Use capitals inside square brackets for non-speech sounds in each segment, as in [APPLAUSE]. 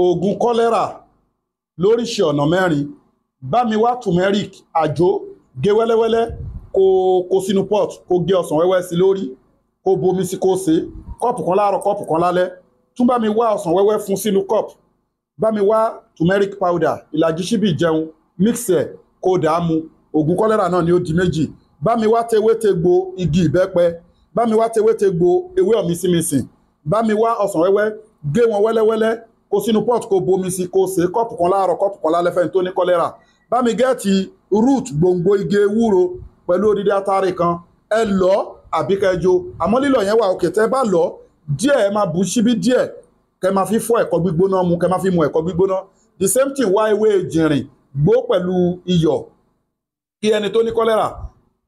oògùn kọ́lẹ́rà lóríṣìí ọ̀nà mẹ́rin bámi wá turmeric àjò gé wẹ́lẹ́wẹ́lẹ́ kó kó sínú pot kó gé ọsàn wẹ́wẹ́ sí lórí kó bomi sí kó sè é kọ́ọ̀pù kan láàárọ̀ kọ́ọ̀pù kan lálẹ́ tún bámi wá ọsàn wẹ́wẹ́ fún sínú kọ́ọ̀pù bámi wá turmeric powder ìlàjì ṣíbì jẹun mixẹ̀ kó dàámu oògùn kọ́lẹ́rà náà ni ó di méjì bámi wá tewétegbò igi ìbẹ́pẹ bámi wá tewétegbò ewé ọ̀mísìmísìn bámi wá ọsàn wẹ́wẹ́ gé wọn wẹ́lẹ́wẹ́lẹ́ kó sínú pot kó bomi sí kó sè é kọ́ọ̀pù kan láàárọ̀ kọ́ọ̀pù kan lálẹ́ fẹ́ni tó ní kọ́lẹ́rà bá mi gẹ́ẹ̀tì root gbòǹgbò igi ewúro pẹ̀lú odidi atare kan ẹ lọ àbí kẹjọ àmọ́ lílọ yẹn wà òkè tẹ́ bá lọ díẹ̀ ẹ máa bù síbí díẹ̀ kẹ máa fi fọ ẹ̀kọ́ gbígbóná mu kẹ máa fi mu ẹ̀kọ́ gbígbóná the same thing wá ewé jìnrìn gbó pẹ̀lú iyọ̀ kí ẹni tó ní kọ́lẹ́rà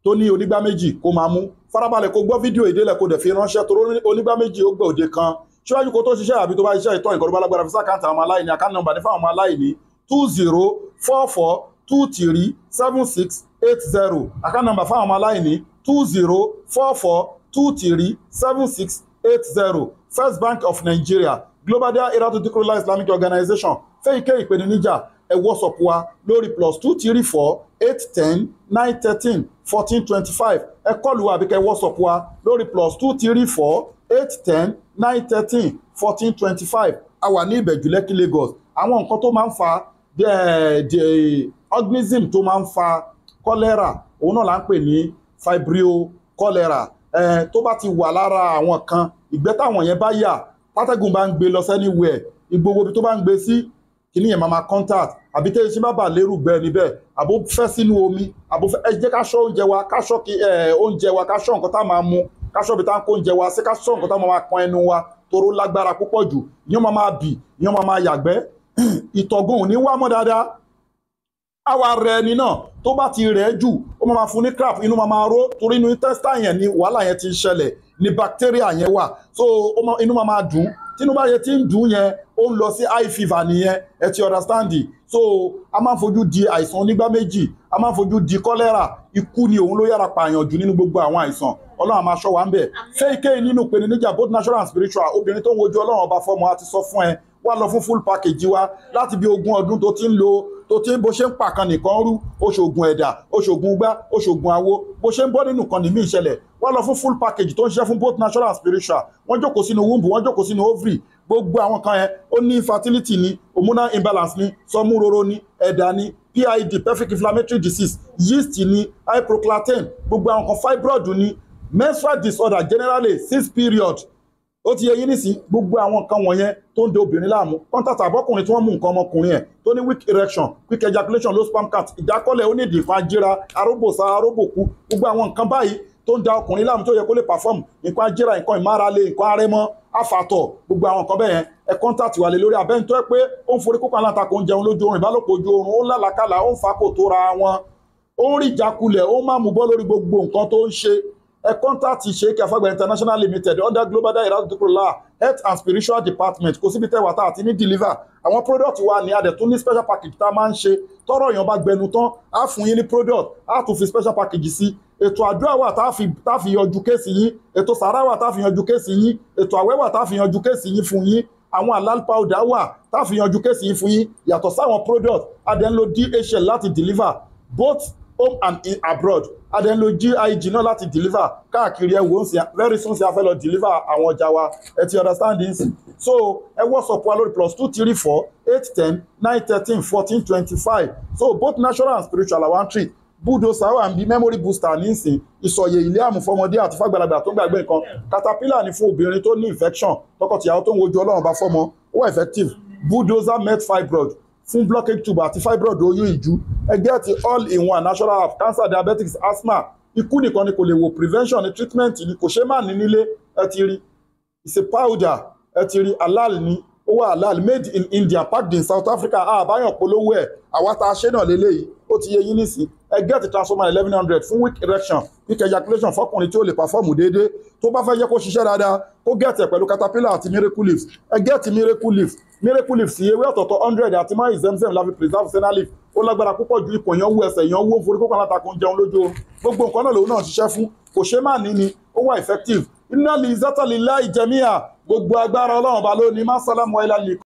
tó ní onígbá méjì kó máa mú farabalẹ̀ kó gbọ́ fídíò ìdílẹ̀ kó dẹ̀ fi ránṣẹ́ tó onígbá méjì ó gbọ́ òde kan ṣíwájú kó tó ṣiṣẹ́ àbí tó bá ṣiṣẹ́ ìtọ́ ìkọ̀rọ̀bá alágbára fisa àkáǹtì àwọn aláìní àkáǹtì nọ́mbà ní fáwọn ọmọ aláìní two zero four four two three seven six eight zero àkáǹtì nọ́mbà fáwọn ọmọ aláìní two zero four four two three seven six eight zero First Bank of Nigeria Global Dahiratu Dhikrlahi Islamic Organization fẹ́yìnkẹ́ ìpèníjà ẹ WhatsApp wa lórí plus two three four eight ten nine thirteen fourteen twenty five ẹ kọ́lù wa àbíkẹ́ WhatsApp wa lórí plus two three four eight ten nine thirteen fourteen twenty five a wà ní ìbẹ̀jú lẹ́kì Lagos àwọn nǹkan tó máa ń fa organism tó máa ń fa cholera òun náà là ń pè ní fibrio cholera eh, tó bá ti wà lára àwọn kan ìgbẹ́ táwọn yẹn bá yà tátẹ́gùn bá ń gbé lọ sẹ́niwẹ̀ gbogbo ibi tó bá ń gbé sí kìíní yẹn máa ma contact àbí tẹ́ iṣẹ́ bá bà lérò gbẹ níbẹ̀ àbó fẹ́ sínú omi àbó fẹ́ ẹ jẹ́ ká ṣọ́ oúnjẹ wa ká ṣọ́ oúnjẹ wa ká ṣọ́ nǹkan tá a máa mu káṣọ́bì tá ń kó oúnjẹ wa sí káṣọ́ nǹkan táwọn máa kan ẹnu wa toró lágbára púpọ̀ jù ni máa máa bì yín máa máa yàgbẹ́ [CLEARS THROAT] ìtọ̀gùn ò ní wá mọ́ dáadáa àwa rẹ ẹni náà tó bá ti rẹ̀ jù ó máa fún ní crap inú máa máa torí inú intestine yẹn ni wàhálà yẹn ti ṣẹlẹ̀ ni bacteria yẹn wà so inú máa máa dùn tínú bá yẹ ti ń dùn yẹn ó ń lọ sí high fever nìyẹn ẹ ti understand so a máa ń fojú di àìsàn onígbá méjì a máa ń fojú di kọ́lẹ́rà ikú ni òun ló yára pààyàn jù nínú gbogbo àwọn àìsàn ọlọ́run máa ṣọ́ wa ń bẹ̀ ṣé ike nínú ìpinnu níjà both natural and spiritual obìnrin tó ń wojú ọlọ́run ọba fọ́mọ a ti sọ fún ẹ wá lọ fún full package wa láti bí ogún ọdún tó ti ń lo tó ti ń bó ṣe ń pàkan nìkan rú oṣoògùn ẹ̀dà oṣoògùn gbá oṣoògùn awo bó ṣe ń bọ́ nínú kan nìmí ìṣẹ̀lẹ̀ wá lọ fún full package tó ń ṣiṣẹ́ fún both natural and spiritual wọ́n jókòó sínú womb wọ́n jókòó sínú ovary gbogbo àwọn kan yẹn ó ní infertility ni hormonal imbalance ni sọmúroro ni ẹ̀dà ni PID perfect inflammatory disease yeast ni hyperclatin gbogbo àwọn kan fibroid ni menstrual disorder generally six period ó ti yẹ yín nísìn gbogbo àwọn nǹkan wọ̀nyẹn tó ń de obìnrin láàmú contact àbọ́kùnrin tí wọ́n mú nǹkan ọmọkùnrin ẹ̀ tó ní weak erection quick ejaculation low sperm count ìdákọ́lẹ̀ ó ní ìdí ìfajíra arógbòsá arógbòkú gbogbo àwọn nǹkan báyìí tó ń da ọkùnrin láàmú tó yẹ kó lè perform nǹkan ajíra nǹkan ìmárale nǹkan arẹmọ afàtọ̀ gbogbo àwọn nǹkan bẹ́ẹ̀ yẹn ẹ contact wà lé lórí abẹ́ni tó yẹ pé ó ń forí kópa aláǹtakò ń jẹun lójú oorun ìbálòpọ̀ ojú oorun ó ń lálàkàlà ó ń fakò tó ra wọn ó ń rí ìjákulẹ̀ ó ń máàmú bọ́ lórí gbogbo nǹkan tó ń ṣe ẹ kọ́ńtàtì sheik afagba international limited under global dahiratu dhikrlahi health and spiritual department kò síbi tẹ́wà tá àti ní deliver àwọn product wa ni adẹ̀ tún ní special package tá a máa ń ṣe tọ́rọ̀ èèyàn bá gbẹnu tán á fún yín ní product á tún fi special package sí ètò àdúrà wà tá a fi yanjú kéèsì yín ètò sàárà wà tá a fi yanjú kéèsì yín ètò àwẹ̀ wà tá a fi yanjú kéèsì yín fún yín àwọn àlálùpà ọ̀dà wà tá a fi yanjú kéèsì yín fún yín yàtọ̀ sáwọn product adẹ̀ ń lo DHL láti deliver both home and in abroad adẹ́nlo gig náà láti deliver káàkiri ẹ̀wò ń sìn very soon sí a fẹ́ lọ deliver àwọn ọjà wa ẹ ti understand this so ẹ WhatsApp wa lórí plus two three four eight ten nine thirteen fourteen twenty five so both natural and spiritual our treat bulldozer wà ń bí memory booster nísìn ìsọ̀yè ilé àmú fọmọdé àti fàgbàlagbà tó ń gbàgbé nǹkan caterpillar ni fún obìnrin tó ní infection tọkọtìyàwó tó ń wojú ọlọ́run bá fọmọ ó wà effective bulldozer met fibroid fún blockage tube àti fibroid oyún ìju ẹ gẹ́ẹ̀tì all in one natural app cancer diabetes asthma ikú nìkan ni kò lè wò prevention ni treatment ni kò ṣe má ní nílé ẹ ti rí it's a powder ẹ ti rí halal ni ó wà halal made in India packed in South Africa àbáyàn polówó ẹ̀ àwa tá a ṣe náà lélẹ́yìí ó ti yẹ yín nísìn ẹ get transformer eleven hundred fún weak erection weak ejaculation fọkùnrin tí ó lè perform déédéé tó bá fẹ́ yẹ kó ṣiṣẹ́ dáadáa kó gẹ́ẹ̀tì ẹ̀ pẹ̀lú caterpillar àti miracle leaf ẹ get miracle leaf miracle leaf sí ewé ọ̀tọ̀ọ̀tọ̀ hundred àti márùn zemzem la fi preserve senna leaf ó lágbára púpọ̀ ju ikùn èèyàn wú ẹsẹ̀ èèyàn wú forí kókó alátakò ń jẹun lójú oorun gbogbo nǹkan náà lòun náà ṣiṣẹ́ fún kò ṣe má ní ni ó wà effective iná lè zátàlélá ìjẹmíà gbogbo agbára ọlọ́run ba lónìí má sálámù ayélujára